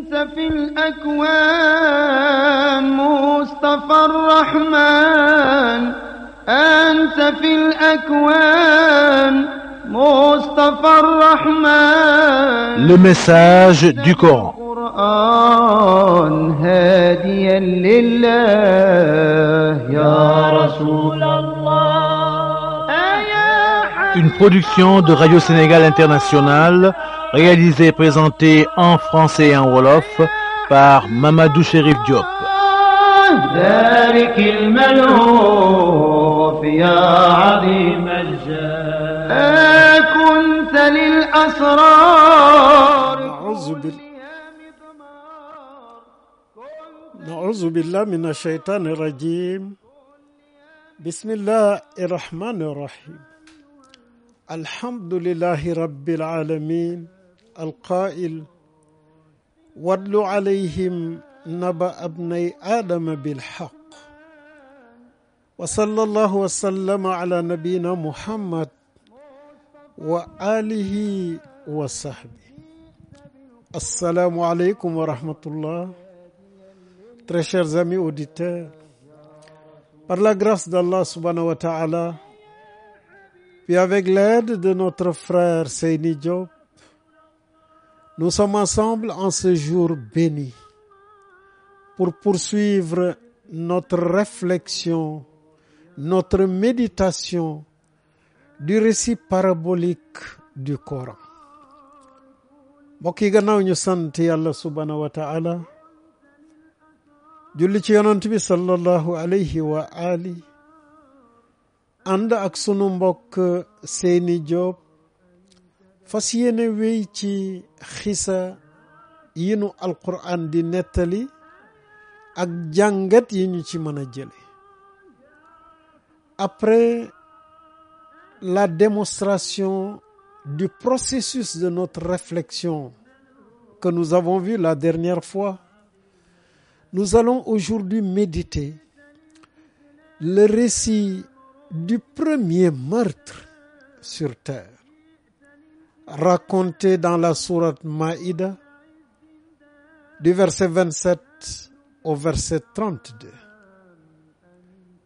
في الأكوان مصطفى الرحمن أنت في الأكوان مصطفى الرحمن Le message du Coran هاديا لله يا رسول الله une production de Radio Sénégal International, réalisée et présentée en français et en wolof par Mamadou Chérif Diop. أعوذ بالله من الشيطان الرجيم بسم الله الرحمن الرحيم الحمد لله رب العالمين القائل واتل عليهم نبأ ابني آدم بالحق وصلى الله وسلم على نبينا محمد وآله وصحبه السلام عليكم ورحمة الله Très chers amis auditeurs, par la grâce d'Allah subhanahu wa ta'ala, Puis avec l'aide de notre frère Seyni Diop, nous sommes ensemble en ce jour béni pour poursuivre notre réflexion, notre méditation du récit parabolique du Coran. mbokk yi gannaaw ñu sant yàlla subhaanahu wa ta'ala julli sallallahu alayhi wa ali ànd ak sunu mbokk seeni Jóob fas yéene wéy ci xisa yi nu alquraan di nettali ak jàngat yi ñu ci mën a jële après la démonstration du processus de notre réflexion que nous avons vu la dernière fois nous allons aujourd'hui méditer le récit du premier meurtre sur terre raconté dans la sourate Maïda du verset 27 au verset 32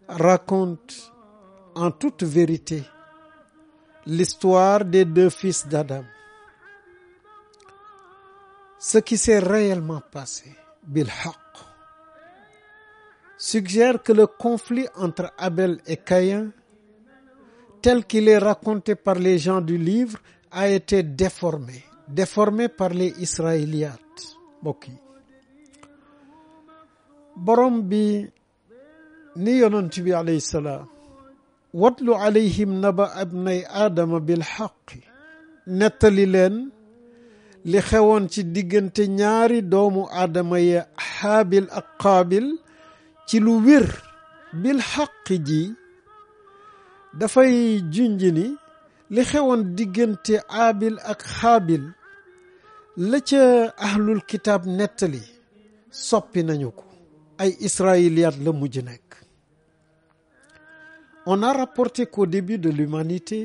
raconte en toute vérité l'histoire des deux fils d'Adam ce qui s'est réellement passé bil suggère que le conflit entre Abel et Caïn tel qu'il est raconté par les gens du livre a été déformé par les israéliates mbokk borom bi ni yonent bi alayhi salaam watlu alayhim naba abnay aadama bil xaqi nettali leen li xewoon ci diggante ñaari doomu aadama ya xaabil ak qaabil ci lu wér bil xaqi ji dafay junj ni li xewoon diggante aabil ak xaabil la ca ahlul kitaab nettali soppi nañu ko ay israéliat la mujj nekk on a rapporté qu'au début de l'humanité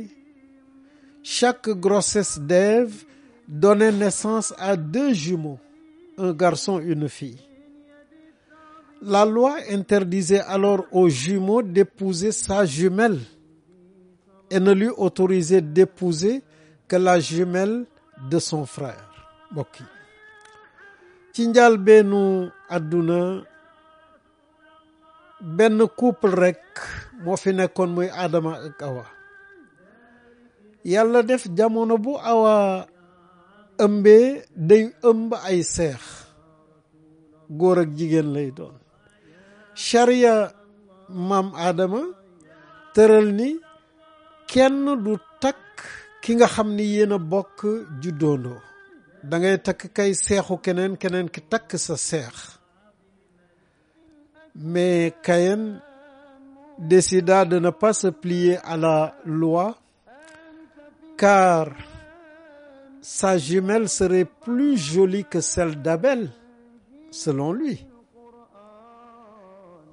chaque grossesse d'Ève donnait naissance à deux jumeaux un garçon une fille la loi interdisait alors aux jumeaux d'épouser sa jumelle et ne lui autorisait d'épouser que la jumelle de son frère mbokk ci njëlbeenu àdduna benn couple rekk moo fi nekkoon muy Adama ak Awa yàlla def jamono bu Awa ëmbee day ëmb ay seex góor ak jigéen lay doon charia maam Adama tëral ni kenn du takk ki nga xam ni yéen a bokk juddoondoo da ngay takk kay seexu keneen keneen ki takk sa seex mais Caïn décida de ne pas se plier à la loi car sa jumelle serait plus jolie que celle d'Abel selon lui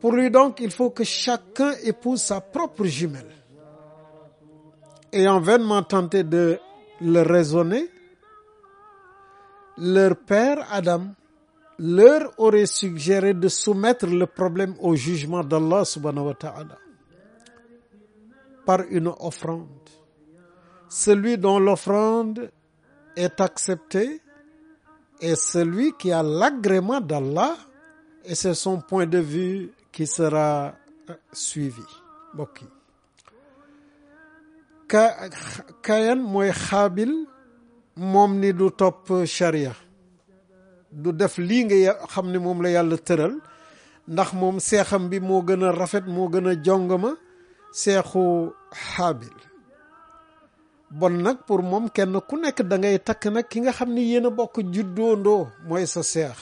pour lui donc il faut que chacun épouse sa propre jumelle ayant vainement tenté de le raisonner, leur père Adam leur aurait suggéré de soumettre le problème au jugement d'Allah subhanahu wa ta'ala par une offrande. Celui dont l'offrande est acceptée est celui qui a l'agrément d'Allah et c'est son point de vue qui sera euh, suivi. Bokk ka kayan mooy xaabil moom ni du topp charia du def lii nga xam ni moom la yàlla tëral ndax moom seexam bi moo gën a rafet moo gën a jongama seexu xaabil bon nag pour moom kenn ku nekk da ngay takk nag ki nga xam ni yéen bokk juddoondoo mooy sa seex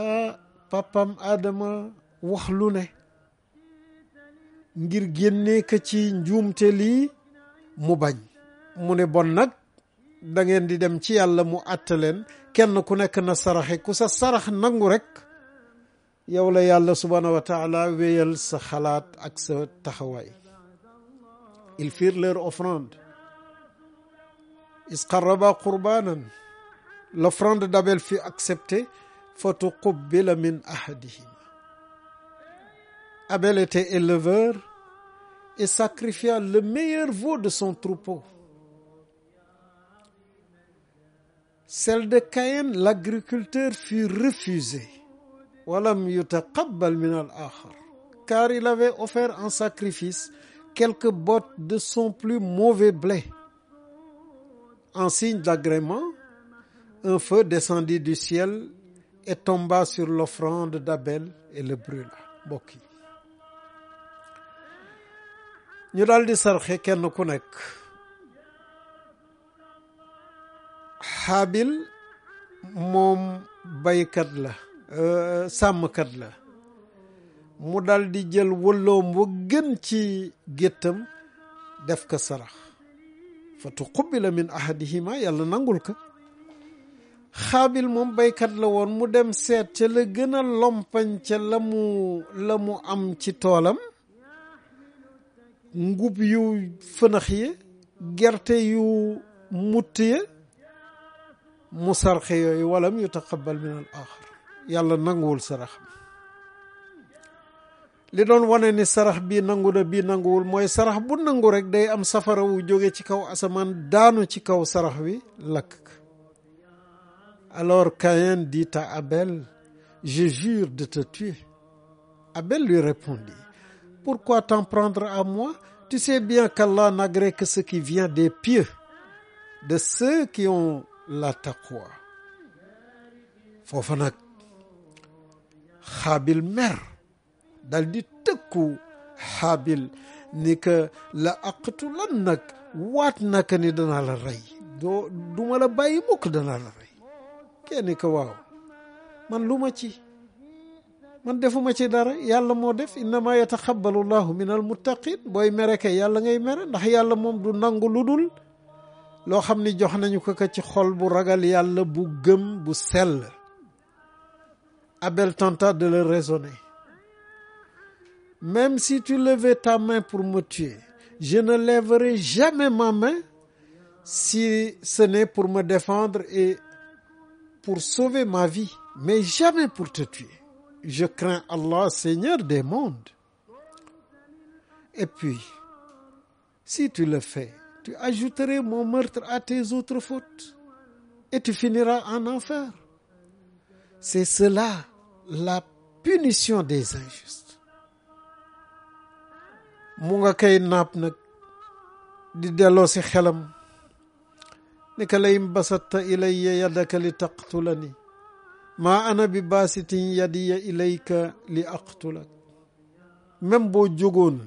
ah papam Adama wax lu ne ngir génnee ka ci njuumte lii mu bañ mu ne bon nag da ngeen di dem ci yàlla mu àtte leen kenn ku nekk na saraxe ku sa sarax nangu rek yow la yàlla subhaanahu wa taala sa xalaat ak sa taxawaay ils firent leur offrande is qarraba qurbanan l'offrande d'Abel fut acceptée fa tuqubbila min ahadihim Abel était éleveur et sacrifia le meilleur veau de son troupeau. Celle de Caïn, l'agriculteur, fut refusée. Walam yutaqabbal min al-akhar, car il avait offert en sacrifice quelques bottes de son plus mauvais blé. En signe d'agrément, un feu descendit du ciel et tomba sur l'offrande d'Abel et le brûla. Mbokk ñu daal di kenn ku nekk xaabil moom baykat la euh, sàmmkat la mu daldi jël wëlloom wa gën ci géttam def ko sarax fa tuqubila min ahadihima yàlla nangul ko xaabil moom baykat la woon mu dem seet ca la gën a lompañ ca la mu am ci toolam ngub yu fënax yi gerte yu mutt ya mu sarxe yooyu walam yu taqabal min al axar yàlla nanguwul sarax bi li doon wane ni sarax bi nangu na bii nanguwul mooy sarax bu nangu rek day am safara wu jóge ci kaw asamaan daanu ci kaw sarax wi lakk alors Caïn dit à Abel je jure de te Abel lui répondit pourquoi t'en prendre à moi? Tu sais bien qu'Allah n'agrée que ce qui vient des pieux, de ceux qui ont la taqwa. foofa nag xaabil mer dal di tëkku xaabil ni que la aqtu lan nag waat naka ni danaa la rey doo duma la bàyyi mukk danaa la rey kenn ni que waaw man lu ma ci man defuma ci dara yàlla moo def innama yataxabalu llahu min al muttaqin booy mere kay yàlla ngay mere ndax yàlla moom du nangu lu dul loo xam ni jox nañu ko ko ci xol bu ragal yàlla bu gëm bu sell Abel tenta de le raisonner même si tu levais ta main pour me tuer je ne lèverai jamais ma main si ce n'est pour ma défendre et pour sauver ma vie mais jamais pour te tuer je crains Allah, Seigneur des mondes. Et puis, si tu le fais, tu ajouterais mon meurtre à tes autres fautes et tu finiras en enfer. C'est cela la punition des injustes. mu nga koy naab nag di delloo si xelam ni ka basata ilaya yadaka li taqtulani maa ana bi baasitin yadiya ilayka li aqtulak même boo jógoon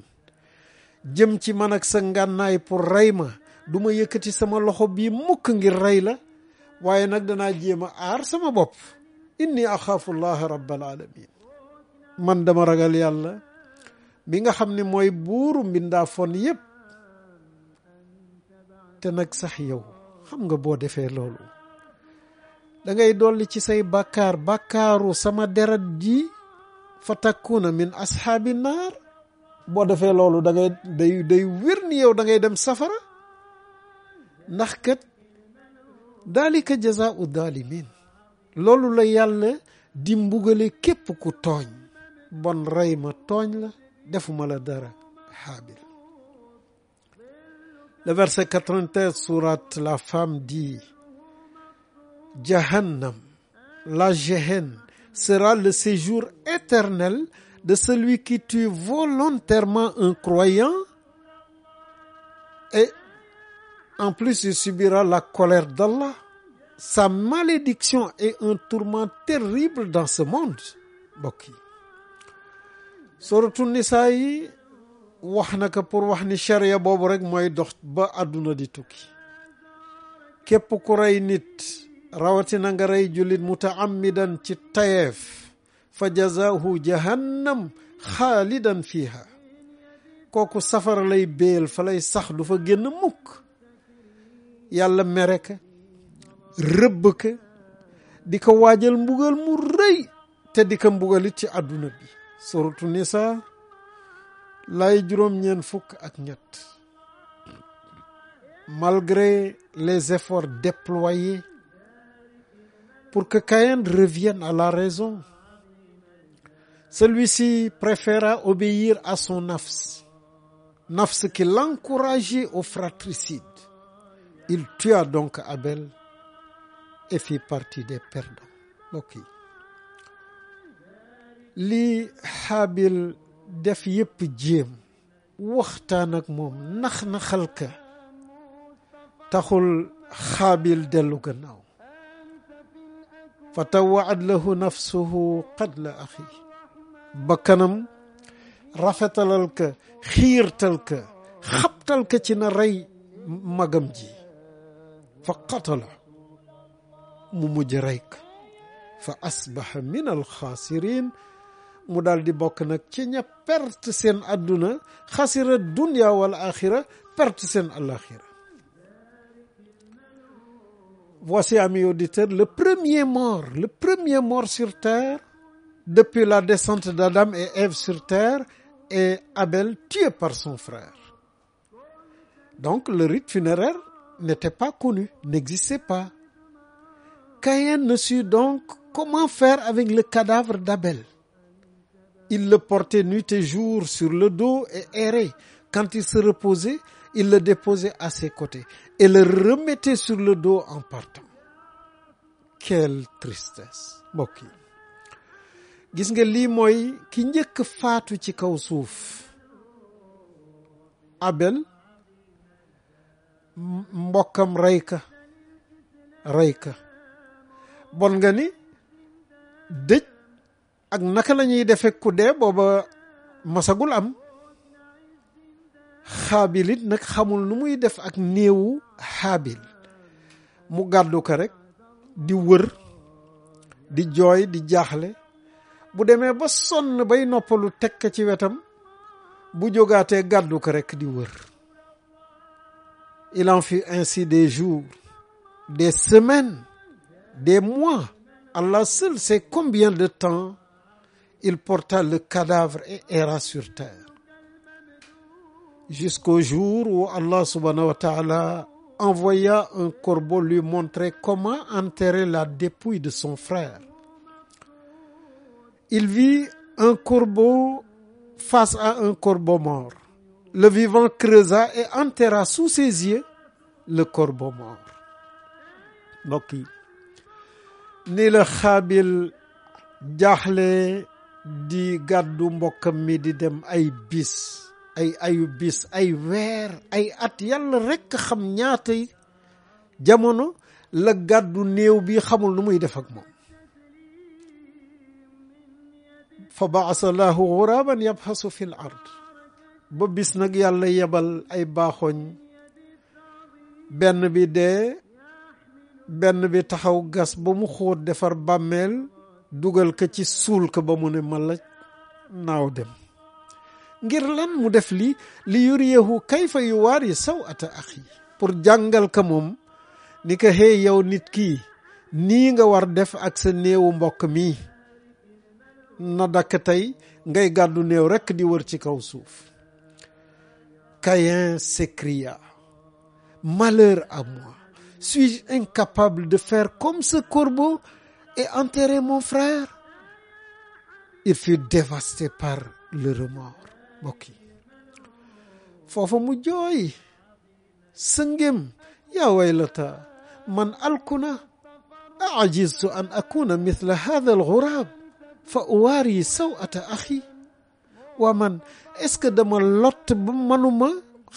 jëm ci man ak sa ngànnaay pour rey ma duma yëkkati sama loxo bii mukk ngir rey la waaye nag danaa jéem a aar sama bopp inni axaafu llaha rabbal alamin man dama ragal yàlla mi nga xam ni mooy buuru mbindaa fon yépp te nag sax yow xam nga boo defee loolu da ngay dolli ci say bàkkaar bàkkaaru sama deret ji fa takkuuna min ashaabi naar boo defee loolu da ngay day day wér ni yow dangay dem safara ndax kat daalika jazaau daalimin loolu la yàlla di mbugale képp ku tooñ bon rey ma tooñ la defuma la dara xaabil le verset 93 la femme dit Jahannam, la géhenne, sera le séjour éternel de celui qui tue volontairement un croyant et en plus il subira la colère d'Allah. Sa malédiction est un tourment terrible dans ce monde mbokk yi sorotu nisaa yi wax na ko pour wax ni charia boobu rek mooy dox ba àdduna di tukki képp ku rey nit rawatina nga rey jullit mutaammidan ci tayeef fa jazaahu jahannam xaalidan fiiha kooku safara lay béel fa lay sax du fa génn mukk yàlla mere rëbb ka di ko waajal mbugal mu rëy te di ko mbugalit ci àdduna bi suratu nisa lay juróom-ñeen fukk ak ñett malgré les efforts déployés pour que Caïn revienne à la raison. Celui-ci préféra obéir à son nafs, nafs qui l'encourageait au fratricide. Il tua donc Abel et fit partie des perdants. mbokk yi li Haabil def yépp jéem waxtaan ak moom nax na xalka taxul Haabil dellu gannaaw fa tawaat lahu nafsuhu qatla axi bakkanam rafetalal ka xiirtal ka xabtal ka ci na rey magam ji fa qatala mu mujj rey ka fa asbaxa min alxaasirin mu daal di bokk nag ci ña perte seen àdduna xasira dunya wal axira perte seen alaxira voici, amis auditeurs, le premier mort, le premier mort sur terre depuis la descente d'Adam et Ève sur terre est Abel tué par son frère. Donc le rite funéraire n'était pas connu, n'existait pas. Caïn ne sut donc comment faire avec le cadavre d'Abel. Il le portait nuit et jour sur le dos et errait. Quand il se reposait, il le déposait à ses côtés. et le sur le dos en partant quelle tristesse mbokk gis nga lii mooy ki njëkk faatu ci kaw suuf Abel mbokkam rey ka bon nga ni dëj ak naka lañuy ñuy defe ku dee booba masagul am xaabil it nag xamul nu muy def ak néewu xaabil mu gàddu ko rek di wër di jooy di jaaxle bu demee ba sonn bay noppalu teg ko ci wetam bu jógaatee gàddu ko rek di wër il en fut ainsi des jours des semaines des mois Allah seul sait combien de temps il portal le cadavre et erra sur terre jusqu'au jour où Allah subhanahu wa ta'ala envoya un corbeau lui montrer comment enterrer la dépouille de son frère. Il vit un corbeau face à un corbeau mort. Le vivant creusa et enterra sous ses yeux le corbeau mort. ni la Xaabil jaaxle di gàddu mbokkam mi di dem ay bis ay ayu bis ay weer ay at yàlla rekk xam ñaata jamono la gàddu néew bi xamul nu muy def ak moom fa baasa lahu guraban fi ard ba bis nag yàlla yebal ay baaxoñ benn bi dee benn bi taxaw gas ba mu xóot defar bàmmeel dugal ko ci suul ko ba mu ne ma la naaw dem ngir lan mu def li li yuriyahu kayfa yuwaari sawata axi pour jàngal ka moom ni ko xëy yow nit kii nii nga war def ak sa néewu mbokk mi na dakk tey ngay gàddu néew rekk di wër ci kaw suuf Caïn s'écria malheur à moi suis-je incapable de faire comme ce corbeau et enterrer mon frère il fut dévasté par le remords bokk yi foofa mu jooy sëngem yaa waylata man alkuna ajiztu an akuna mithla hadha alghurab fa uwaari sawata axi waa man est-ce que dama lott ba manuma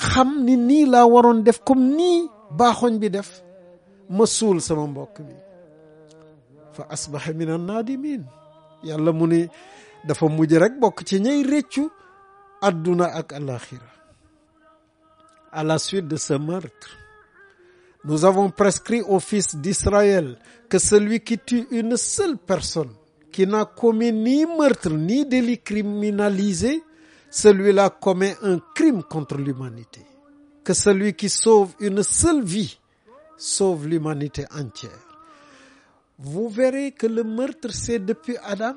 xam ni nii laa waroon def comme nii baaxoñ bi def ma suul sama mbokk mi fa asbaxa min an naadimin yàlla mu ni dafa mujj rek bokk ci ñay réccu àdduna ak alaxira à la suite de ce meurtre nous avons prescrit aux fils d'Israël que celui qui tue une seule personne qui n'a commis ni meurtre ni délit celui-là commet un crime contre l'humanité que celui qui sauve une seule vie sauve l'humanité entière vous verrez que le meurtre c'est depuis Adam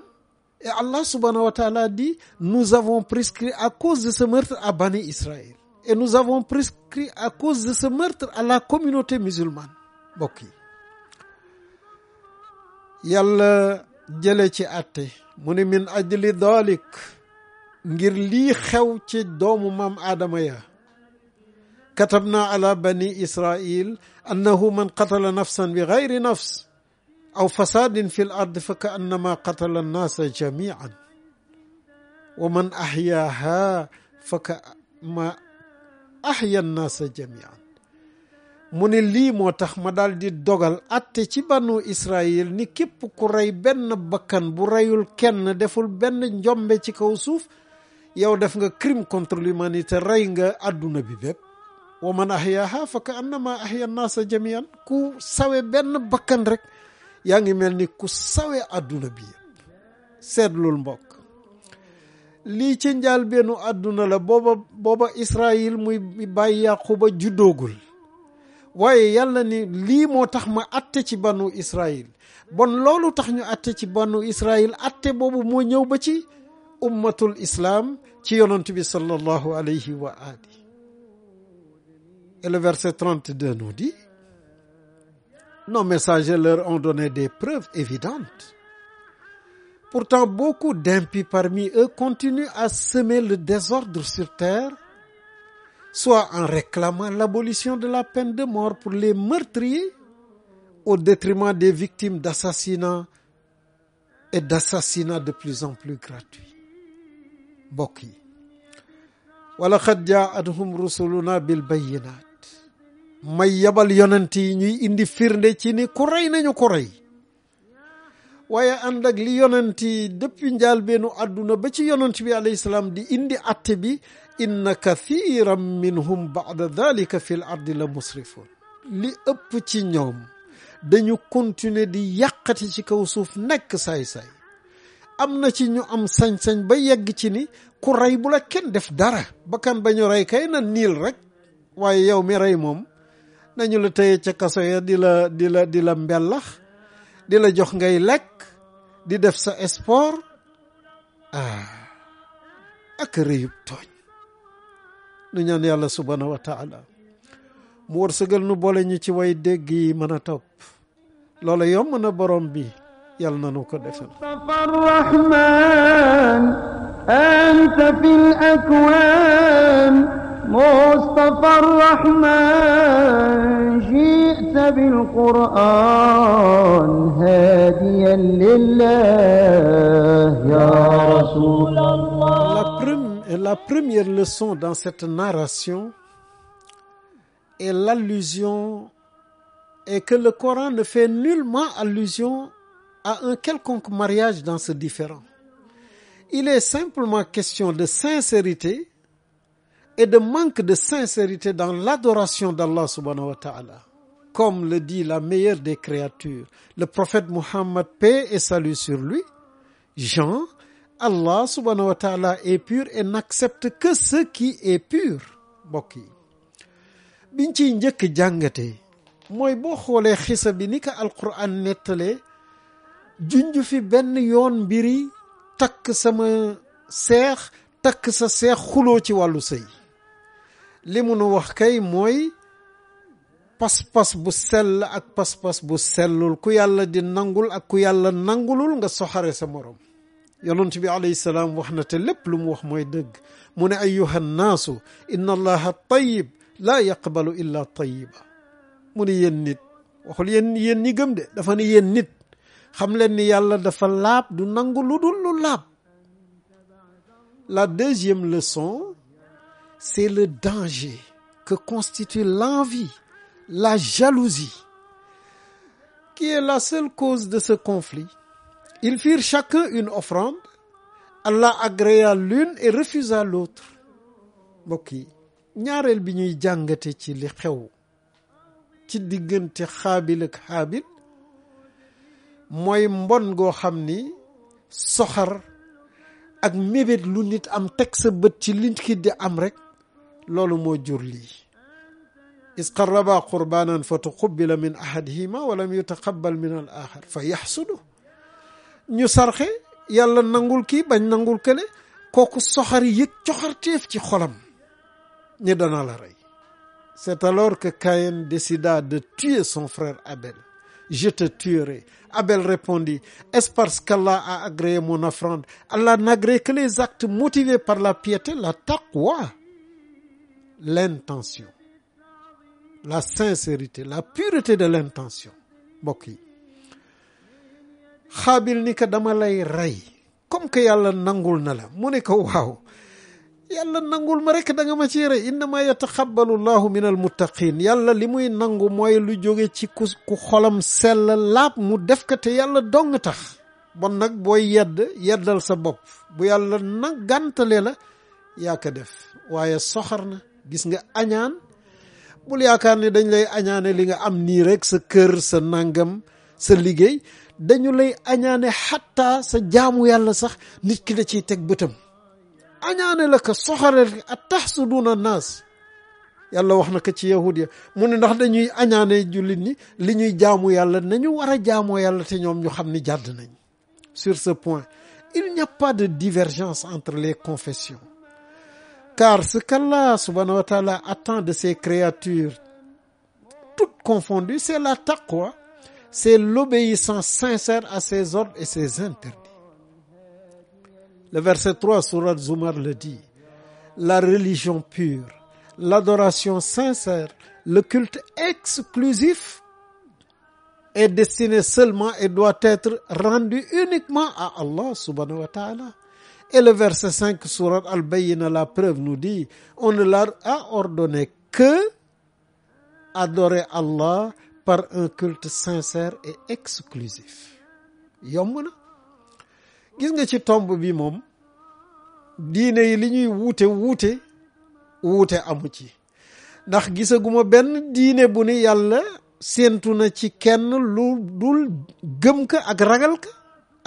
Et Allah subhanahu wa ta'ala dit, nous avons prescrit à cause de ce meurtre à Bani Israël. Et nous avons prescrit à cause de ce meurtre à la communauté musulmane bokk yi yàlla jële ci àtte mu ne min ajli dalik ngir lii xew ci doomu maam aadama ya katabna ala bani israil annahu man qatala nafsan bi gayri nafs aw fasaadin fi l ard fa ka annama qatala annaasa jamian wa man ahyaaha fa ka ma ahya annaasa jamian mu ne lii moo tax ma daal di dogal atte ci banu Israyil ni képp ku rey benn bakkan bu reyul kenn deful benn njombe ci kaw suuf yow def nga crime contre l'humanité rey nga àdduna bi bépp wa man ahyaaha fa ka annama ahya annaasa jamian ku sawe benn bakkan rek yaa ngi mel ni ku sawe àdduna bi yëpp seetlul mbokk lii ci njëlbéenu àdduna la booba booba Israyil muy bàyyi Yaquba juddoogul waaye yàlla ni lii moo tax ma atte ci banu Israyil bon loolu tax ñu atte ci banu Israyil atte boobu moo ñëw ba ci ummatul islaam ci yonent bi sallallahu alayhi wa ali et le Nos messagers leur ont donné des preuves évidentes. Pourtant, beaucoup d'impies parmi eux continuent à semer le désordre sur terre, soit en réclamant l'abolition de la peine de mort pour les meurtriers, au détriment des victimes d'assassinats et d'assassinats de plus en plus gratuits. mbokk yi wala xad jaa athum rusuluna bil may yebal yonent yi ñuy indi firnde ci ni ku rey nañu ko rey waaye ànd ak li yonent yi depuis njaal beenu àdduna ba ci yonent bi alayhi salaam di indi atte bi inna kathiran minhum baada dalika fi ardi la musrifun li ëpp ci ñoom dañu continuer di yàqati ci kaw suuf nekk saay-saay am na ci ñu am sañ-sañ ba yegg ci ni ku rey bu la kenn def dara bakkan ba ñu rey kay na niil rek waaye yow mi rey moom nañu la tëye ca kaso ya di la di la di la mbellax di la jox ngay lekk di def sa sport ah ak rëyub tooñ nu ñaan yàlla subhaanahu wa taala mu wërsëgal nu boole ñu ci way dégg yi mën a topp loola yomb na borom bi yàlla na nu ko defal anta fi l akwaan مصطفى الرحمن جئت بالقرآن هاديا لله يا رسول الله La première leçon dans cette narration est l'allusion et que le Coran ne fait nullement allusion à un quelconque mariage dans ce différend. Il est simplement question de sincérité et de manque de sincérité dans l'adoration d'Allah subhanahu wa ta'ala. Comme le dit la meilleure des créatures, le prophète Muhammad, paix et salut sur lui, Jean, Allah subhanahu wa ta'ala est pur et n'accepte que ce qui est pur. mbokk yi biñ ciy njëkk jàngate mooy boo xoolee xisa bi ni ko alquran nettalee junj fi benn yoon mbiri takk sama seex takk sa seex xuloo ci wàllu sëy li mu wax kay mooy pas-pas bu sell ak pas-pas bu sellul ku yàlla di nangul ak ku yàlla nangulul nga soxare sa morom yonent bi alayhi salaam wax na te lépp lu mu wax mooy dëgg mu ne ayyuha nnaasu inna allaha tayyib laa yaqbalu illa tayyiba mu ne yéen nit waxul yéen yéen ñi gëm de dafa ne yéen nit xam leen ni yàlla dafa laab du nangu lu dul lu laab la deuxième leçon c'est le danger que constitue l'envie, la jalousie, qui est la seule cause de ce conflit. Ils firent chacun une offrande, Allah agréa l'une et refusa l'autre. mbokk yi ñaareel bi ñuy jàngate ci li xew ci diggante xaabil ak xaabil mooy mbon goo xam ni soxar ak mébét lu nit am teg sa bët ci li nit ki di am rek loolu moo jur lii is qarraba qurbanan fa tuqubila min ahadihima wa lam yutaqabbal min al axar fa yaxsudu sarxe yàlla nangul kii bañ nangul kële kooku soxari yëg coxarteef ci xolam ñi dana la rey c'est alors que Caïn décida de tuer son frère Abel je te tuerai Abel répondit est qu'Allah a agréé mon offrande Allah n'agrée que les par la piété la taqwa l'intention la sincérité la pureté de l'intention mbokk yi xaabil ni ko dama lay rey comme que yàlla nangul na la mu ne ko waaw yàlla nangul ma rekk da nga ma ci rey innama yataqabbalu llahu min almuttaqin yàlla li muy nangu mooy lu jóge ci ku ku xolam sell laab mu def ko te yàlla dong tax bon nag booy yedd yeddal sa bopp bu yàlla na gàntale la yaa ko def waaye soxar na gis nga añaan bul yaakaar ne dañ lay añaane li nga am nii rek sa kër sa nangam sa liggéey dañu lay añaane xatta sa jaamu yàlla sax nit ki da ciy teg bëtam añaane la ko soxare su taxsuduuna naas yàlla wax na ko ci yahud ya mu ne ndax dañuy añaane jullit ñi li ñuy jaamu yàlla nañu war a jaamoo yàlla te ñoom ñu xam ni jàdd nañ sur ce point il n'y a pas de divergence entre les confessions Car ce qu'Allah subhanahu wa ta'ala attend de ses créatures, toutes confondues, c'est la taqwa, c'est l'obéissance sincère à ses ordres et ses interdits. Le verset 3, sourate Zumar le dit. La religion pure, l'adoration sincère, le culte exclusif est destiné seulement et doit être rendu uniquement à Allah subhanahu wa Et le verset 5 sourate Al-Bayyina, la preuve nous dit, on ne leur a ordonné que adorer Allah par un culte sincère et exclusif. yomb na gis nga ci tomb bi moom diine yi li ñuy wuute wuute wuute amu ci ndax gisaguma benn diine bu ni yàlla séentu na ci kenn lu dul gëm ka ak ragal ka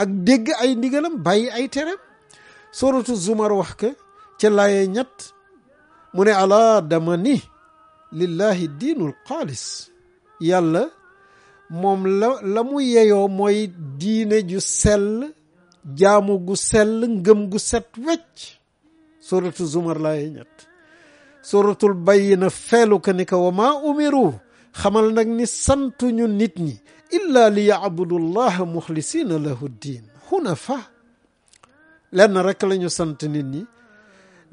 ak dégg ay ndigalam bàyyi ay tereem suratu zumar wax ke ca ñett mu ne alaa dama ni lillahi diinul xaalis yàlla moom la la mu yeyoo mooy diine ju sell jaamu gu sell ngëm gu set wecc suratu zumar laye ñett suratul bayyina feelu ka ni ka wa maa umiru xamal nag ni santuñu nit ñi illa li yacbudu llaha muxlisina lahu diin hunafa lenn rekk lañu sant nit ñi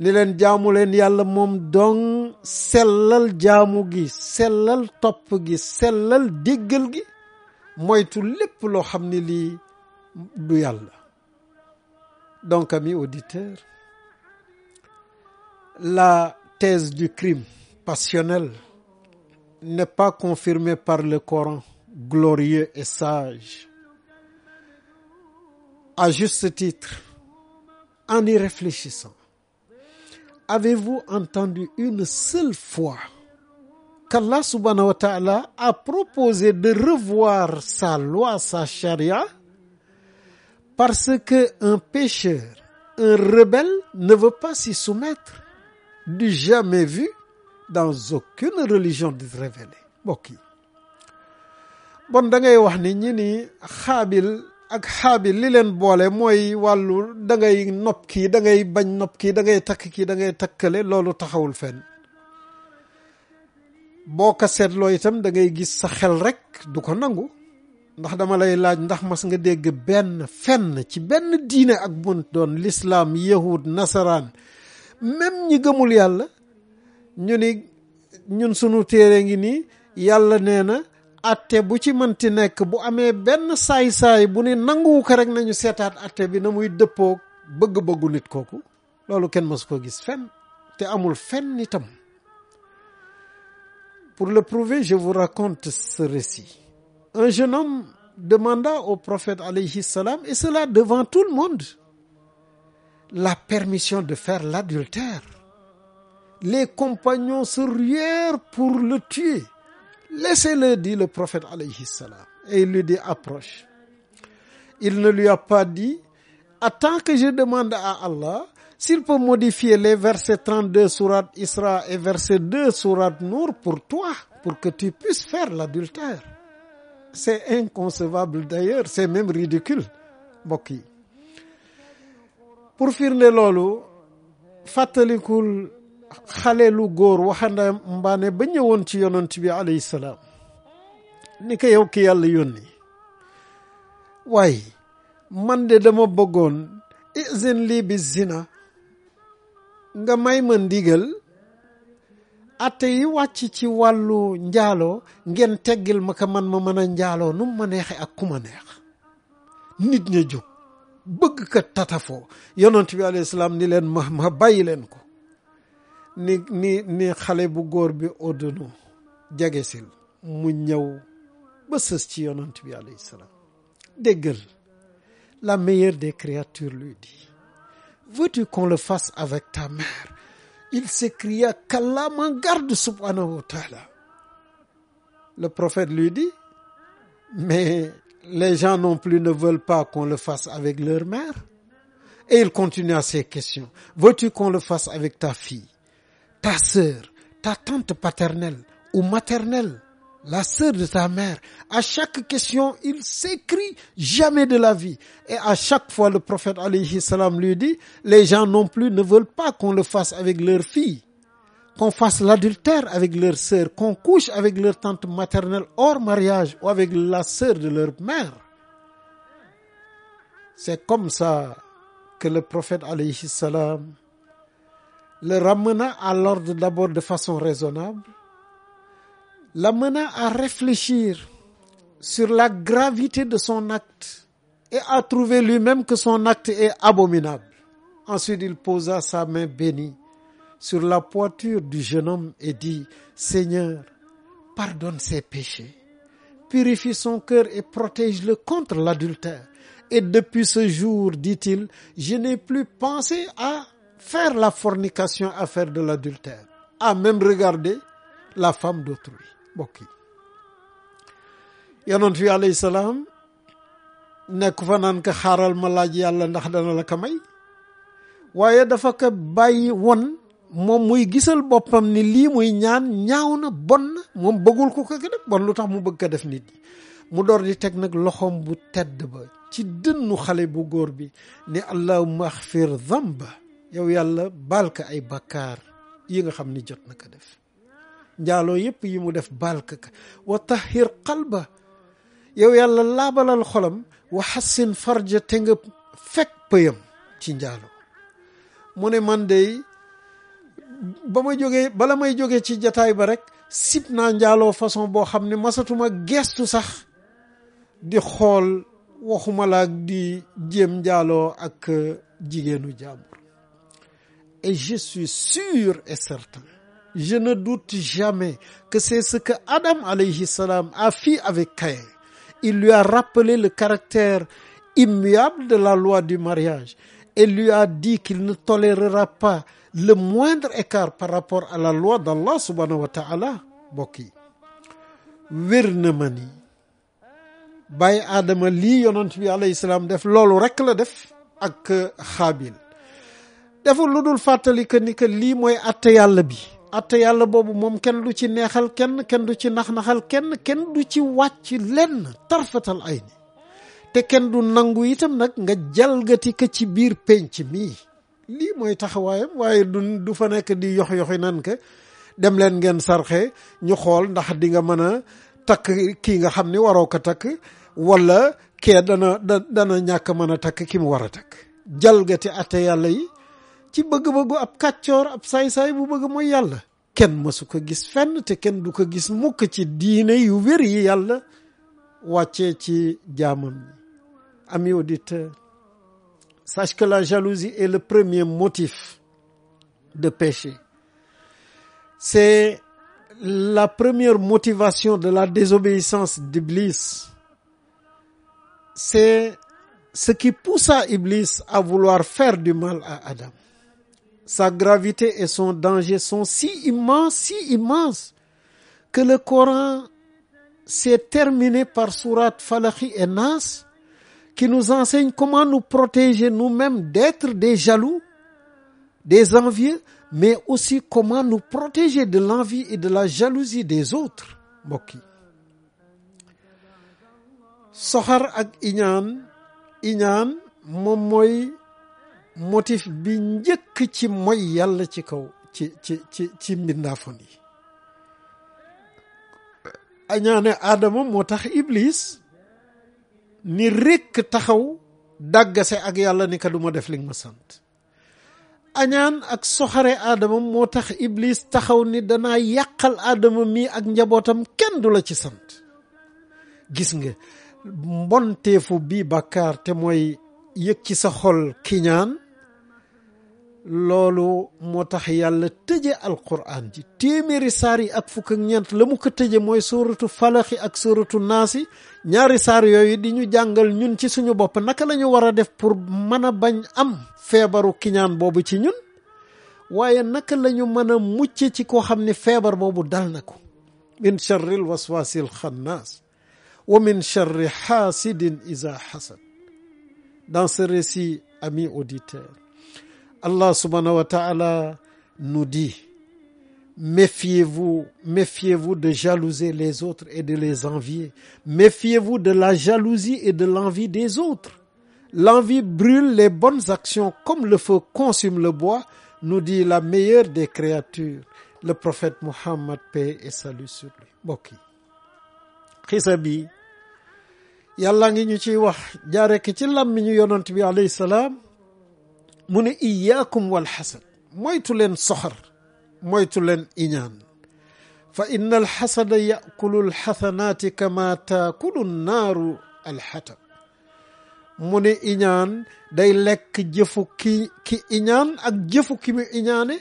ni leen jaamu leen yàlla moom dong sellal jaamu gi sellal topp gi sellal déggal gi moytu lépp loo xam ni lii du yàlla donc amis auditeurs la thèse du crime passionnel n'est pas confirmée par le Coran glorieux et sage à juste titre en y réfléchissant, avez-vous entendu une seule fois qu'Allah subhanahu wa a proposé de revoir sa loi, sa charia, parce que un pécheur, un rebelle ne veut pas s'y soumettre, du jamais vu dans aucune religion di bon da ngay wax ni ñi ak xaabil li leen boole mooy wàllu dangay ngay nopp kii da bañ nopp kii da takk kii dangay takkale loolu taxawul fen boo ko seetloo itam dangay gis sa xel rekk du ko nangu ndax dama lay laaj ndax mas nga dégg benn fenn ci benn diine ak bunt doon lislaam yahud nasaraan même ñi gëmul yàlla ñu ni ñun sunu téere ngi nii yàlla nee na atte bu ci mënti nekk bu amee benn saay-saay bu ne nanguwu ko nañu seetaat atte bi na muy dëppoo bëgg-bëggu nit kooku loolu kenn mësu ko gis fenn te amul fenn itam pour le prouver je vous raconte ce récit demanda au prophète alayhi salam et cela devant tout le monde la permission de faire l'adultère les compagnons se ruèrent pour le tuer Laissez-le, dit le prophète alayhi salam. Et il lui dit, approche. Il ne lui a pas dit, attends que je demande à Allah s'il peut modifier les versets 32 sourate Isra et verset 2 sourate Nour pour toi, pour que tu puisses faire l'adultère. C'est inconcevable d'ailleurs, c'est même ridicule mbokk yi pour firnde loolu fàttalikul xale lu góor waxanda mbaane ba ñëwoon ci yonent bi alayhi salaam ni ko yow ki yàlla yónni waaye man de dama bëggoon izin lii bi zina nga may ma ndigal atte yi wàcc ci wàllu njaaloo ngeen teggil ma ko man ma mën a njaaloo num ma neexe ak ku neex nit ña jóg bëgg ko tatafoo yonent bi alayhi salaam ni leen ma ma bàyyi leen ko ni ni ni xale bu góor bi oddunu jege sil mu ñëw ba sës la meilleure des créatures lui dit veux-tu qu'on le fasse avec ta mère il s'écria qu'Allah m'en garde subhanahu wa taala le prophète lui dit mais les gens non plus ne veulent pas qu'on le fasse avec leur mère et il continue ces questions veux-tu qu'on le fasse avec ta fille ta sœur, ta tante paternelle ou maternelle, la sœur de ta mère. À chaque question, il s'écrie jamais de la vie. Et à chaque fois, le prophète alayhi salam lui dit, les gens non plus ne veulent pas qu'on le fasse avec leur fille, qu'on fasse l'adultère avec leur sœur, qu'on couche avec leur tante maternelle hors mariage ou avec la sœur de leur mère. C'est comme ça que le prophète alayhi salam le ramena à l'ordre d'abord de façon raisonnable, l'amena à réfléchir sur la gravité de son acte et à trouver lui-même que son acte est abominable. Ensuite, il posa sa main bénie sur la poiture du jeune homme et dit, Seigneur, pardonne ses péchés, purifie son cœur et protège-le contre l'adultère. Et depuis ce jour, dit-il, je n'ai plus pensé à faire la fornication affaire de l'adultère à même regarder la femme d'autrui bokk yi yonent bi alayhi salaam nekk fa naan ka xaaral ma laaj yàlla ndax dana la ko may waaye dafa ko bàyyi won moom muy gisal boppam ni lii muy ñaan ñaaw na bon na moom bëggul ko ko def bon lu tax mu bëgg ko def nit ñi mu door di teg nag loxoom bu tedd ba ci dënnu xale bu góor bi ni allahumma axfir damba yow yàlla baal ay bakkaar yi nga xam ni jot na ko def njaaloo yépp yi mu def balk ka ka wa tahir qalba yow yàlla laabalal xolam wa xassin farja te nga fekk pëyam ci njaaloo mu ne man dey ba ma jógee bala may jógee ci jataay ba rek sib naa njaaloo façon boo xam ne masatuma geestu sax di xool waxuma laak di jéem njaaloo ak jigéenu jàmm Et je suis sûr et certain, je ne doute jamais que c'est ce que Adam alayhi a fait avec Caïn. Il lui a rappelé le caractère immuable de la loi du mariage et lui a dit qu'il ne tolérera pas le moindre écart par rapport à la loi d'Allah subhanahu wa ta'ala bokk yi wér na ma ni bàyyi aadama lii yonent bi alayhi salaam def loolu rekk la def ak xaabil deful lu dul fàttali que ni lii mooy atte yàlla bi atte yàlla boobu moom kenn du ci neexal kenn kenn du ci nax-naxal kenn kenn du ci wàcc lenn tarfetal ay ni te kenn du nangu itam nag nga jalgati ko ci biir penc mii lii mooy taxawaayam waaye du du fa nekk di yox yoxi nan ka dem leen ngeen sarxe ñu xool ndax di nga mën a takk kii nga xam ni waroo ko takk walla kee dana da dana ñàkk mën a takk ki mu war a takk jalgati atte yàlla yi ci bëgg-bëggu ab kàccoor ab saay-saay bu bëgg mooy yàlla kenn mësu ko gis fenn te kenn du ko gis mukk ci diine yu wér yi yàlla wàcce ci jaamam ami auditeur auditeurs sache que la jalousie est le premier motif de péché c'est la première motivation de la désobéissance d'Iblis c'est ce qui poussa Iblis à vouloir faire du mal à Adam sa gravité et son danger sont si immenses, si immenses, que le Coran s'est terminé par sourate Falaq et Nas, qui nous enseigne comment nous protéger nous-mêmes d'être des jaloux, des envieux, mais aussi comment nous protéger de l'envie et de la jalousie des autres mbokk yi ak iñaan iñaan motif bi njëkk ci moy yàlla ci kaw ci ci ci ci mbindaafoon yi añaane aadama moo tax ibliis ni rekk taxaw dàggase ak yàlla ni ka du def li ma sant añaan ak soxare aadama moo tax ibliis taxaw ni danaa yàqal aadama mi ak njabootam kenn du la ci sant gis nga mbonteefu bii bàkkaar te mooy yëg ci sa xol kiñaan loolu moo tax yàlla tëje alquraan ci téeméeri saar yi ak fukk ak ñeent la mu ko tëje mooy suuratu falaxi ak suuratu naasi ñaari saar yooyu di ñu jàngal ñun ci suñu bopp naka lañu ñu war a def pour mën a bañ am feebaru kiñaan boobu ci ñun waaye naka lañu mën a mucc ci koo xam ne feebar boobu dal na ko min charri l waswaasi xannaas wa min charri xaasidin isa xasad dans ce récit, amis auditeurs. Allah subhanahu wa ta'ala nous dit, méfiez-vous, de jalouser les autres et de les envier. Méfiez-vous de la jalousie et de l'envie des autres. L'envie brûle les bonnes actions comme le feu consume le bois, nous dit la meilleure des créatures, le prophète Muhammad, paix et salut sur lui. Mbokk yi, yàlla ngi ñu ciy wax jaare ki ci làmmiñu yonant bi alayhi salaam mu ne iyaakum wal xasad moytu leen soxor moytu leen iñaan fa inna alxasada yakulu alxasanaati kama taakulu naaru alxatab mu ne iñaan day lekk jëfu ki ki iñaan ak jëfu ki mu iñaane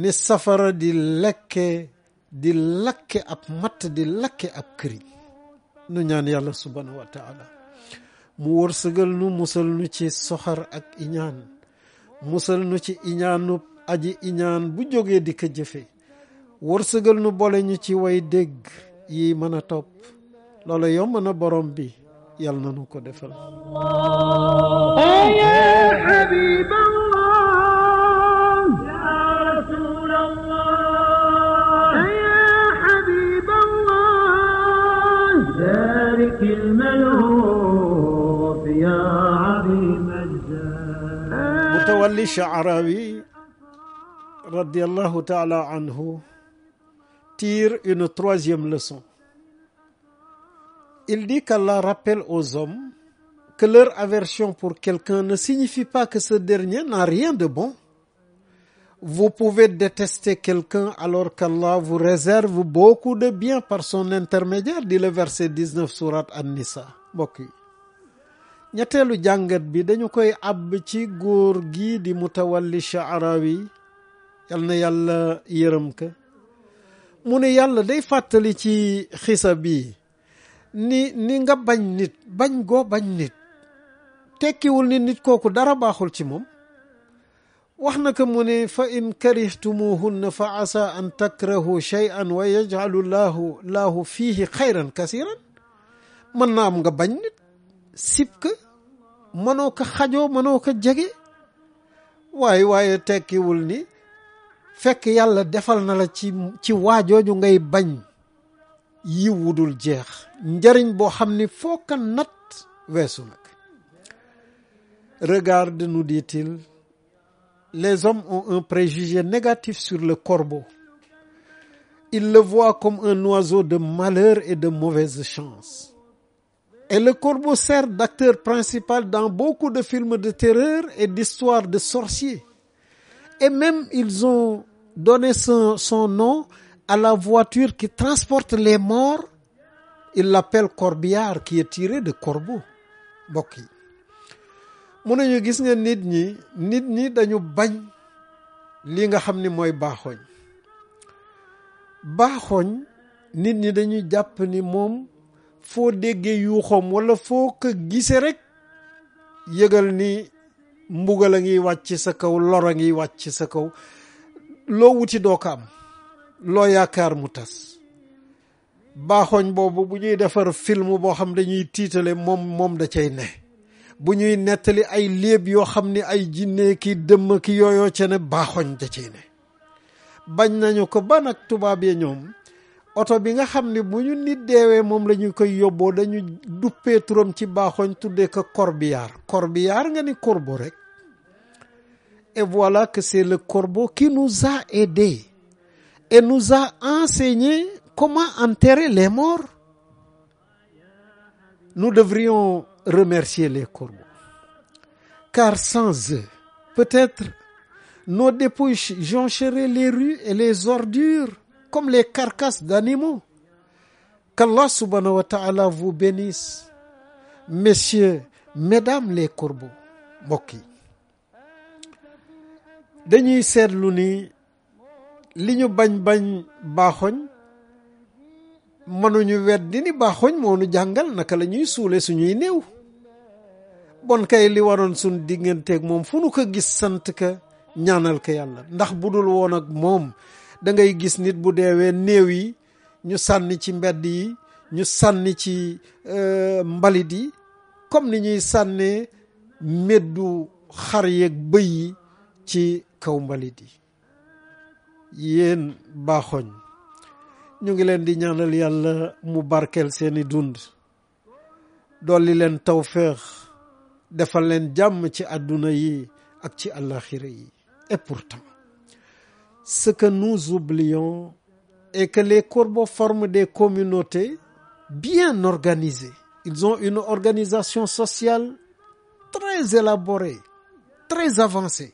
ni safara di lekke di lakke ab matt di lakke ab këriñ nu ñaan yàlla subhaanahu wa taala mu wërsëgal nu musal nu ci soxar ak iñaan musal nu ci iñaanu aji iñaan bu jógee di ko jëfe wërsëgal nu boole ñu ci way dégg yi mën a topp loolu yomb na borom bi yàlla na nu ko defal l'Ish'arawi radiallahu ta'ala anhu tire une troisième leçon. Il dit qu'Allah rappelle aux hommes que leur aversion pour quelqu'un ne signifie pas que ce dernier n'a rien de bon. Vous pouvez détester quelqu'un alors qu'Allah vous réserve beaucoup de bien par son intermédiaire, dit le verset 19 sourate ñetteelu jàngat bi dañu koy àbb ci góor gi di mutawalli Sha'rawi yal na yàlla yërëm ka mu ne yàlla day fàttali ci xisa bi ni ni nga bañ nit bañ goo bañ nit tekkiwul ni nit kooku dara baaxul ci moom wax na ko mu ne fa in karihtumuhunna fa asa an takrahu shay'an wa yaj'alu laahu laahu fiihi xayran kasiran mën na am nga bañ nit sib ka mënoo ko xajoo mënoo ko jege waaye waaye tekkiwul ni fekk yàlla defal na la ci ci waajooju ngay bañ yiw wudul jeex njariñ boo xam ni foo ko nat weesu nag regarde nous dit-il les hommes ont un préjugé négatif sur le corbeau ils le voient comme un oiseau de malheur et de mauvaise chance Et le corbeau sert d'acteur principal dans beaucoup de films de terreur et d'histoires de sorciers. Et même ils ont donné son, son nom à la voiture qui transporte les morts. Ils l'appellent corbillard qui est tiré de corbeau mbokk yi mun nañu gis nga nit ñi nit ñi dañu bañ li nga xam ni mooy baaxooñ baaxooñ nit ñi dañuy jàpp ni moom foo déggee yuuxoom walla foo ko gisee rek yëgal ni mbugal a ngi wàcc sa kaw lor a ngi wàcc sa kaw loo wuti doo ko am loo yaakaar mu tas baaxoñ boobu bu ñuy defar film boo xam dañuy tiitale moom moom da cay ne bu ñuy nettali ay léeb yoo xam ni ay jinne ki dëmm ki yooyoo ca ne baaxoñ da cay ne bañ nañu ko ba nag tubaab ya ñoom oto bi nga xam ne bu ñu nit deewee moom la ñu koy yóbboo dañu duppee turam ci baaxooñ tuddee ko corbillard corbillard nga ni corbeau rek et voilà que c'est le corbeau qui nous a aidés et nous a enseigné comment enterrer les morts nous devrions remercier les corbeaux car sans eux peut-être nos dépouilles joncheraient les rues et les ordures comme les carcasses d'animaux. Qu'Allah subhanahu wa ta'ala vous bénisse. Messieurs, mesdames les corbeaux mbokk yi dañuy seetlu ni li ñu bañ-bañ baaxoñ mënuñu weddi ni baaxoñ moo nu jàngal naka lañuy suule suñuy néew bon kay li waroon suñ digganteek moom fu nu ko gis sant ka ñaanal ko yàlla ndax budul woon ak moom dangay gis nit bu deewee néew yi ñu sànni ci mbedd yi ñu sànni ci euh, mbalit yi comme ni ñuy sànnee meddu xar yeeg bëy yi ci kaw mbalit yi yéen baaxoñ ñu ngi leen di ñaanal yàlla mu barkeel seeni dund dolli leen tawféex defal leen jàmm ci àdduna yi ak ci àllaaxira yi et ce que nous oublions est que les corbeaux forment des communautés bien organisées. Ils ont une organisation sociale très élaborée, très avancée.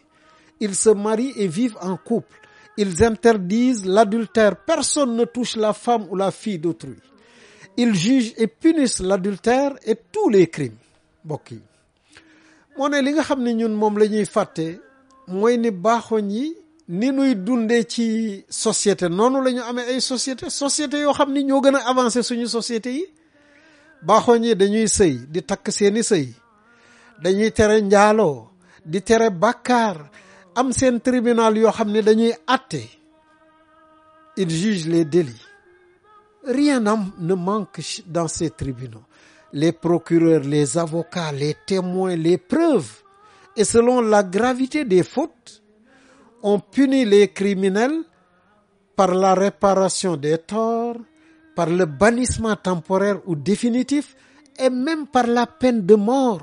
Ils se marient et vivent en couple. Ils interdisent l'adultère. Personne ne touche la femme ou la fille d'autrui. Ils jugent et punissent l'adultère et tous les crimes. mbokk yi moo ne li nga xam ne ñun moom la ni ni nuy dundee ci société noonu la ñu amee ay société société yoo xam ni ñoo gën a avancé suñu société yi baaxooñ yi dañuy sëy di takk seeni sëy dañuy tere njaaloo di tere bàkkaar am seen tribunal yoo xam ne dañuy àtte ils jugent les délits rien ne manque dans ces tribunaux les procureurs les avocats les témoins les preuves et selon la gravité des fautes on punit les criminels par la réparation des torts, par le bannissement temporaire ou définitif et même par la peine de mort.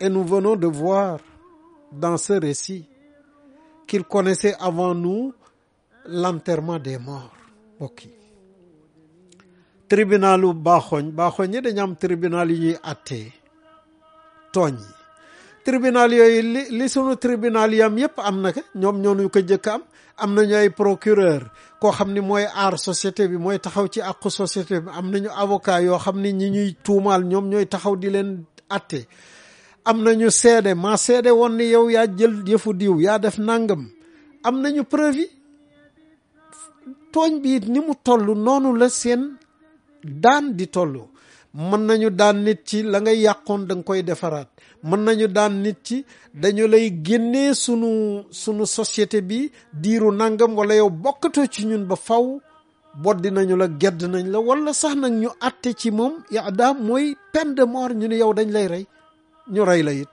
Et nous venons de voir dans ce récit qu'il connaissait avant nous l'enterrement des morts mbokk yi tribunalu baaxooñ baaxooñ yi dañu tribunal yi ñuy yi tribunal yooyu li li sunu tribunal yam yëpp am na ko ñoom ñoo ñu ko jëkk am am nañu ay procureur koo xam ni mooy aar société bi mooy taxaw ci àqu société bi am nañu avocat yoo xam ni ñi ñuy tuumaal ñoom ñooy taxaw di leen atte am nañu seede maa seede woon ni yow yaa jël yëfu diw yaa def nangam am nañu preuve yi tooñ bi ni mu toll noonu la seen daan di toll mën nañu daan nit ci la nga yàqoon da nga koy defaraat mën nañu daan nit ci dañu lay génnee sunu sunu société bi diiru nangam wala yow bokkatoo ci ñun ba faw boddi nañu la gedd nañ la wala sax nag ñu àtte ci moom idaam mooy peine de mort ñu ne yow dañ lay rey ñu rey la it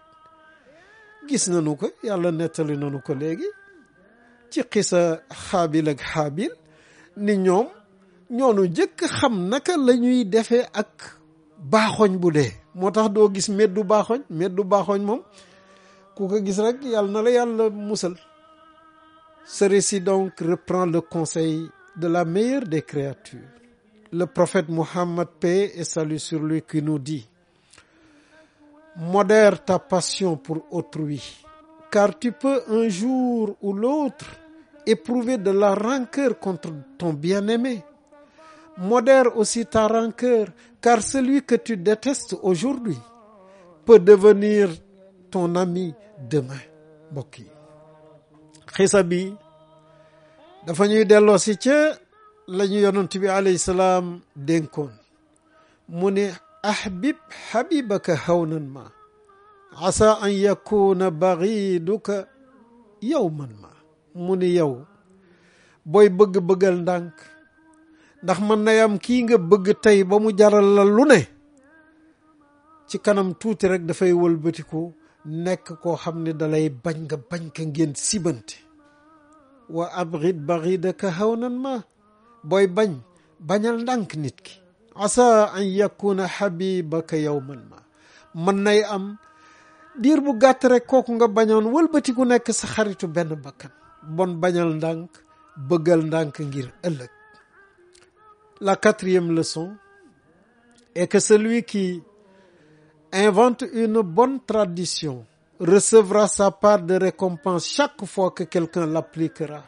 gis nañu ko yàlla nettali nañu ko léegi ci xisa xaabil ak xaabil ni ñoom ñoonu njëkk xam naka la ñuy defee ak baaxoñ bu dee moo tax doo gis meddu baaxoñ meddu baaxoñ moom ku gis rek yàlla na la yàlla musal ce récit donc reprend le conseil de la meilleure des créatures le prophète Mohammed paix et salut sur lui qui nous dit modère ta passion pour autrui car tu peux un jour ou l'autre éprouver de la rancœur contre ton bien-aimé modère aussi ta rancœur, car celui que tu détestes aujourd'hui peut devenir ton ami demain mbokk yi bi dafa ñuy delloo si ca la ñu yonent bi alayhi salaam dénkoon mu ne ahbib habibaka hawnan ma asa an yakuna baxiduka yawman ma mu ne yow booy bëgg-bëggal ndànk ndax mën na am kii nga bëgg tey ba mu jaral la lu ne ci kanam tuuti rek dafay wëlbatiku nekk koo xam ne dalay bañ nga bañ ka ngeen sibante wa abrid baridaka hawnan ma booy bañ bañal ndànk nit ki asa an yakuna xabibaka yowman ma mën nay am diir bu gàtt rek kooku nga bañoon wëlbatiku nekk sa xaritu benn bakkan bon bañal ndànk bëggal ndànk ngir ëllëg La quatrième leçon est que celui qui invente une bonne tradition recevra sa part de récompense chaque fois que quelqu'un l'appliquera.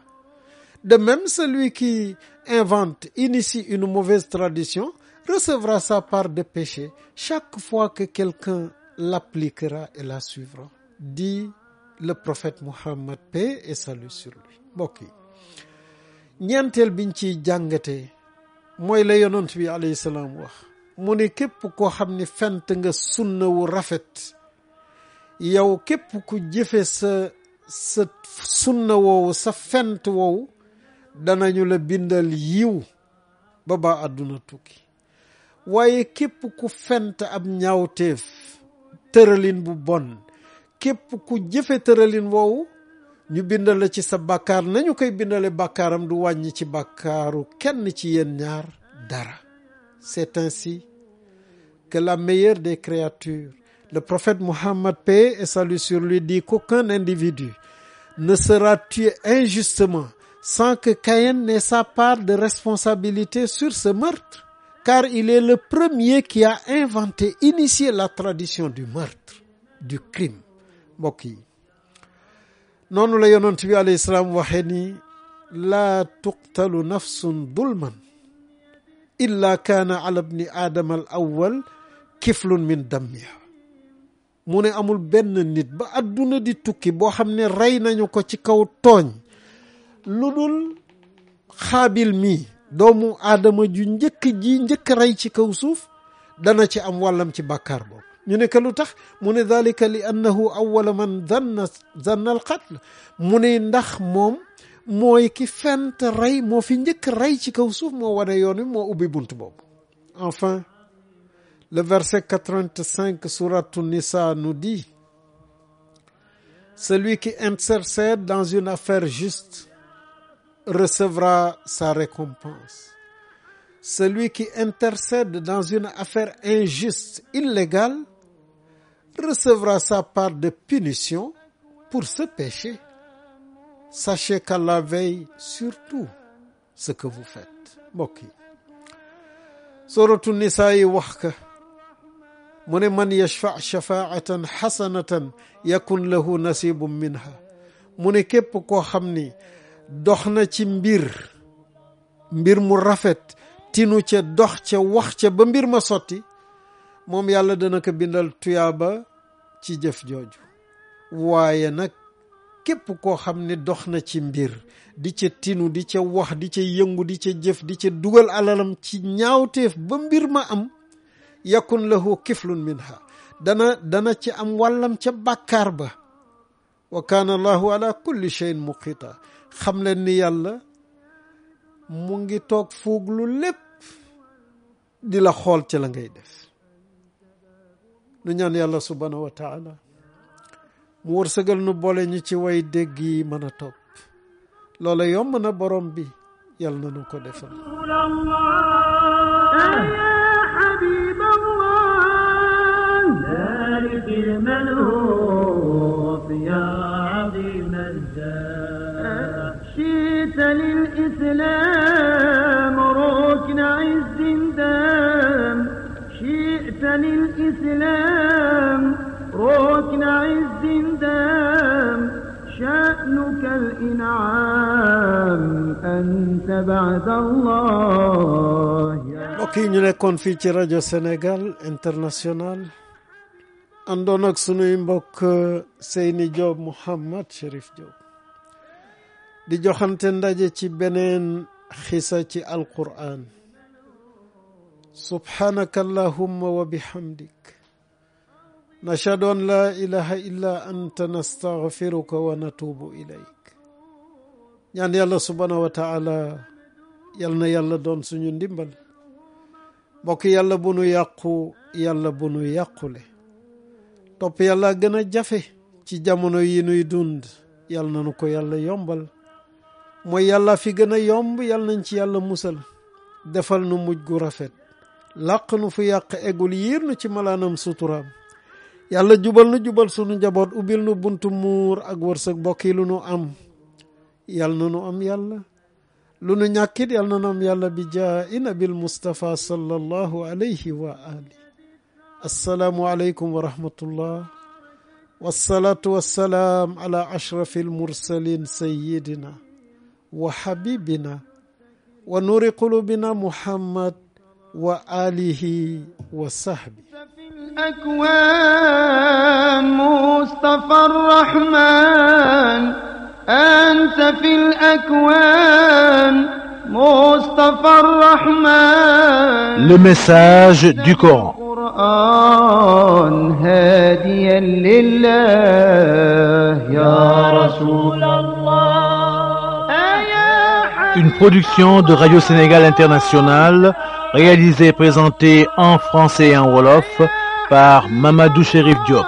De même, celui qui invente, initie une mauvaise tradition recevra sa part de péché chaque fois que quelqu'un l'appliquera et la suivra. Dit le prophète Muhammad, paix et salut sur lui. mbokk yi ñeenteel biñ ciy jàngatee mooy la yonent bi alayhi salaam wax mu ne képp koo xam ne fent nga sunna wu rafet yow képp ku jëfe sa sa sunna woowu sa fent woowu danañu la bindal yiw ba ba àdduna tukki waaye képp ku fent ab ñaawteef tëralin bu bon képp ku jëfe tëralin woowu ñu bindal la ci sa bàkkaar nañu koy bindale bàkkaaram du wàññi ci bàkkaaru kenn ci yéen ñaar dara c'est ainsi que la meilleure des créatures le prophète Mohammed paix et salut sur lui dit qu'aucun individu ne sera tué injustement sans que Caïn n'ait sa part de responsabilité sur ce meurtre car il est le premier qui a inventé initié la tradition du meurtre du crime yi noonu la yonent bi alayhi salaam waxee ni laa tuqtalu nafsun dulman illa kaana ala bni aadama al awwal kiflun min dammiha mu ne amul benn nit ba àdduna di tukki boo xam ne rey nañu ko ci kaw tooñ lu dul xaabil mii doomu aadama ju njëkk ji njëkk rey ci kaw suuf dana ci am wàllam ci bàkkaar bo ñu ne que lu tax mu ne dalika li annahu awwala man zanna zanna al mu ne ndax moom mooy ki fent rey moo fi njëkk rey ci kaw suuf moo wane yoon wi moo ubbi bunt boobu enfin le verset 85 sourate Nisa nous dit celui qui intercède dans une affaire juste recevra sa récompense celui qui intercède dans une affaire injuste illégale recevra sa part de punition pour ce péché. Sachez qu'Allah veille sur ce que vous faites mbokk yi suratu nisaa yi wax ka mu ne man yashfa shafaatan xasanatan yakun lahu nasibum minha mu ne képp koo xam ni dox na ci mbir mbir mu rafet tinu ca dox ca wax ca ba mbir ma sotti moom yàlla dana bindal tuyaaba ci jëf jooju waaye nag képp koo xam ne dox na ci mbir di ca tinu di ca wax di ca yëngu di ca jëf di ca dugal alalam ci ñaawteef ba mbir ma am yakun lahu kiflun minha dana dana ci am wàllam ca bàkkaar ba wa kaana allahu ala kulli cheyin muqita xam la ni yàlla mu ngi toog lu lépp di la xool ci la ngay def nu ñaan yàlla subhaanahu wa taala mu wërsëgal nu boole ñu ci way dégg yi mën a topp loola yomb na borom bi yàlla na nu ko defal يا عظيم الداء شئت للإسلام للإسلام ركن عز دام شأنك الإنعام أنت بعد الله mbokk yi ñu nekkoon fii ci rajo Sénégal International àndoon ak sunuy mbokk Seyni Diop Mouhamed Chérif Diop di joxante ndaje ci beneen xisa ci alqur'an subhanaka allahumma wa bihamdik nashhadu an laa ilaha illa anta nastaghfiruka wa natubu ilayk ñaan yàlla subhaanahu wa taala yal na yàlla doon suñu ndimbal mbokk yàlla bu nu yàqu yàlla bu nu yàqule topp yàlla gën a jafe ci jamono yi nuy dund yal nu ko yàlla yombal mooy yàlla fi gën a yomb yal nañ ci yàlla musal defal nu muj gu rafet làq nu fu yàq eggul yiir nu ci malaanam suturaam yàlla jubal nu jubal sunu njaboot ubbil nu buntu muur ak wërsëg mbokk yi lu nu am yàlla na nu am yàlla lu nu ñàkkit yàlla na nu am yàlla bi jaa i nabil mustapha sallallahu alayhi wa ali assalaamu aleykum wa rahmatullah wassalaatu wassalaam ala ashrafi almursalin sayidina wa habibina wa nuuri qulubina muhammad wa alihi wa sahbi akwan mustafa rahman anta fil akwan mustafa rahman le message du Coran hadiyan lillah ya rasul Allah une production de Radio Sénégal International, réalisée et présentée en français et en wolof par Mamadou Chérif Diop.